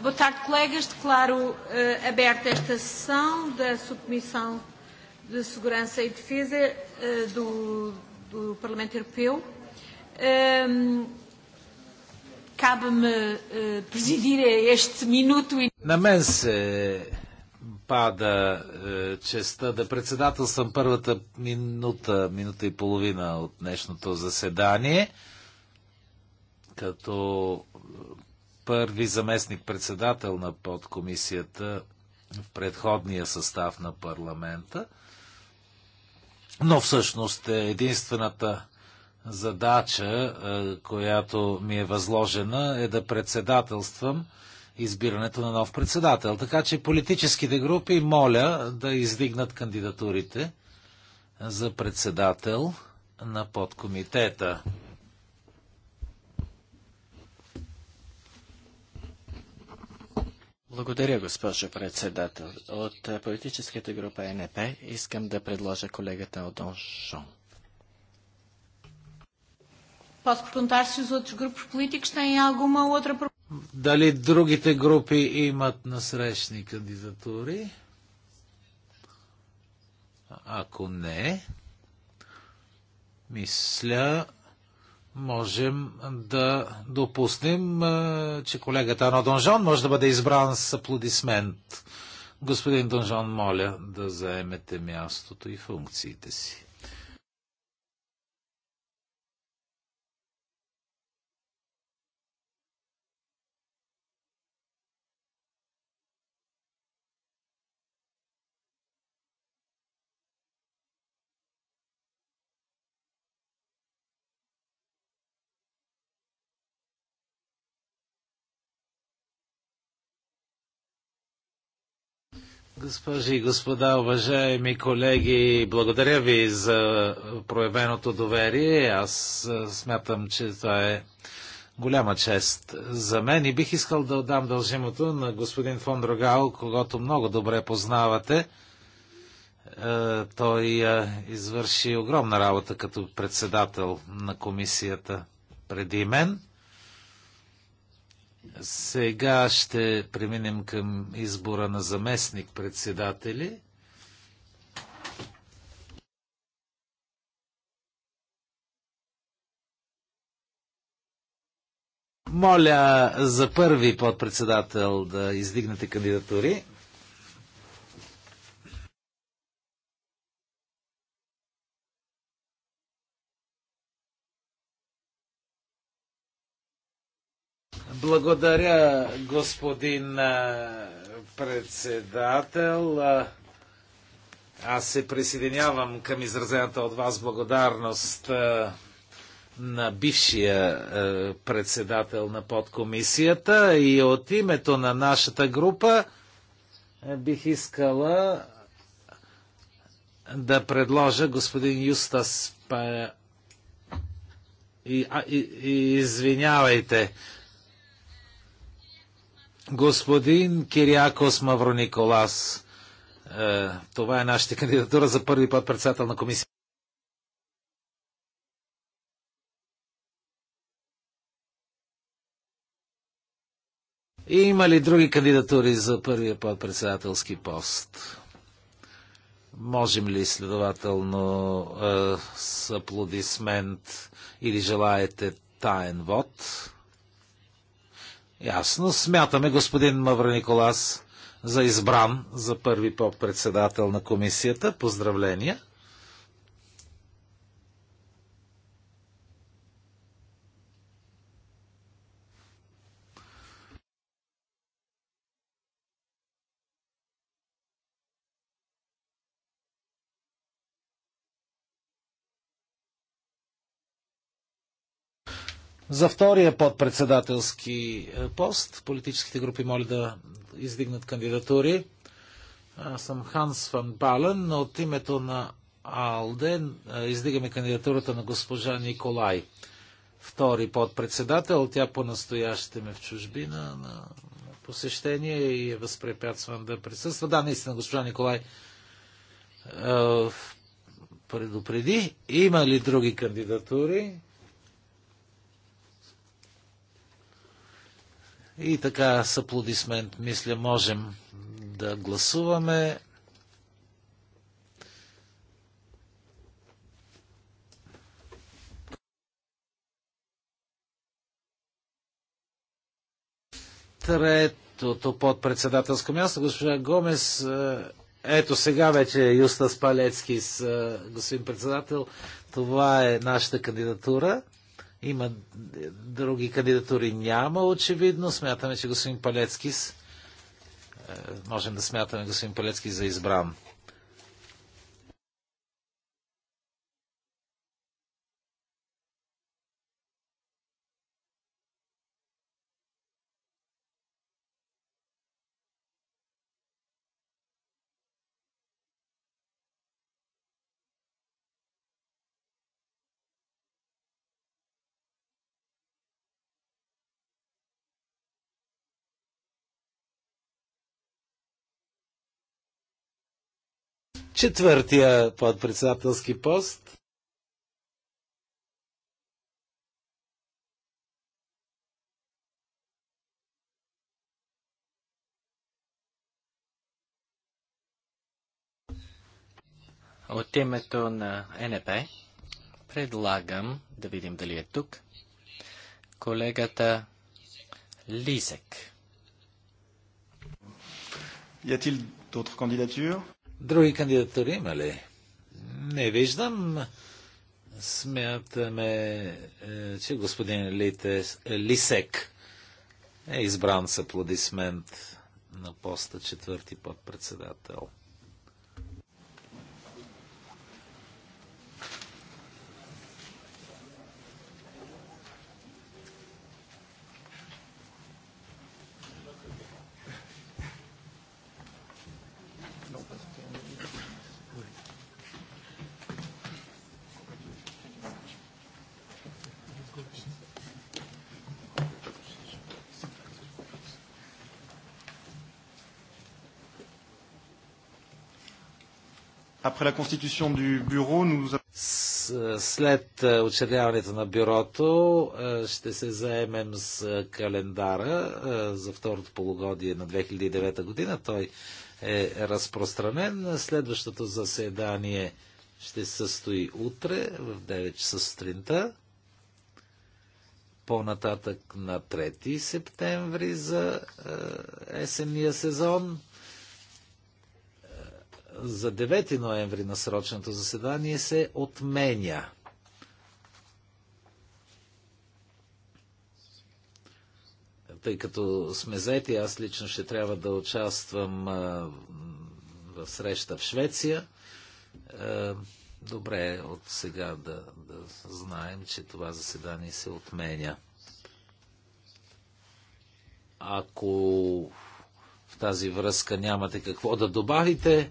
Boa tarde, colegas. Declaro uh, aberta esta sessão da Subcomissão de Segurança e Defesa uh, do, do Parlamento Europeu. Um, Cabe-me uh, presidir este minuto. E... Na mesa, pada пада е, честа да председателствам първата минута, минута и половина от днешното заседание, като първи заместник-председател на подкомисията в предходния състав на парламента, но всъщност е единствената задача, е, която ми е възложена, е да председателствам избирането на нов председател. Така че политическите групи моля да издигнат кандидатурите за председател на подкомитета. Благодаря, госпожо председател. От е, политическата група НП искам да предложа колегата Одон Шон. Дали другите групи имат насрещни кандидатури? Ако не, мисля, можем да допуснем, че колегата Ано Донжон може да бъде избран с аплодисмент. Господин Донжон, моля да заемете мястото и функциите си. Госпожи и господа, уважаеми колеги, благодаря ви за проявеното доверие. Аз смятам, че това е голяма чест за мен и бих искал да отдам дължимото на господин Фон Дрогал, когато много добре познавате. Той извърши огромна работа като председател на комисията преди мен. Сега ще преминем към избора на заместник-председатели. Моля за първи подпредседател да издигнете кандидатури. Благодаря, господин председател. Аз се присъединявам към изразената от вас благодарност на бившия председател на подкомисията и от името на нашата група бих искала да предложа господин Юстас и, а, и извинявайте, Господин Кириакос Маврониколас, е, това е нашата кандидатура за първи път председател на комисия. Има ли други кандидатури за първия подпредседателски пост? Можем ли следователно е, с аплодисмент или желаете таен вод? Ясно. Смятаме господин Мавра Николас за избран за първи поп-председател на комисията. Поздравления! За втория подпредседателски е, пост политическите групи моля да издигнат кандидатури. Аз съм Ханс Ван Бален, но от името на АЛДЕ е, издигаме кандидатурата на госпожа Николай. Втори подпредседател, тя по-настоящем ме в чужбина на посещение и е възпрепятстван да присъства. Да, наистина, госпожа Николай е, предупреди. Има ли други кандидатури? И така, с аплодисмент, мисля, можем да гласуваме. Третото подпредседателско място, госпожа Гомес, е, ето сега вече Юста Спалецки с е, господин председател. Това е нашата кандидатура. Има други кандидатури. Няма, очевидно. Смятаме, че господин Палецкис е, можем да смятаме господин Палецки за избран. четвъртия подпредседателски пост. От името на НП предлагам да видим дали е тук колегата Лизек. Y a-t-il d'autres candidatures Други кандидатури има ли? Не виждам. Смятаме, е, че господин Лите, е, Лисек е избран с аплодисмент на поста четвърти подпредседател. След е, учредяването на бюрото е, ще се заемем с е, календара за второто полугодие на 2009 година. Той е разпространен. Следващото заседание ще се състои утре в 9 часа сутринта. По-нататък на 3 септември за есенния сезон за 9 ноември на срочното заседание се отменя. Тъй като сме заети, аз лично ще трябва да участвам в среща в Швеция. Добре е от сега да, да знаем, че това заседание се отменя. Ако в тази връзка нямате какво да добавите,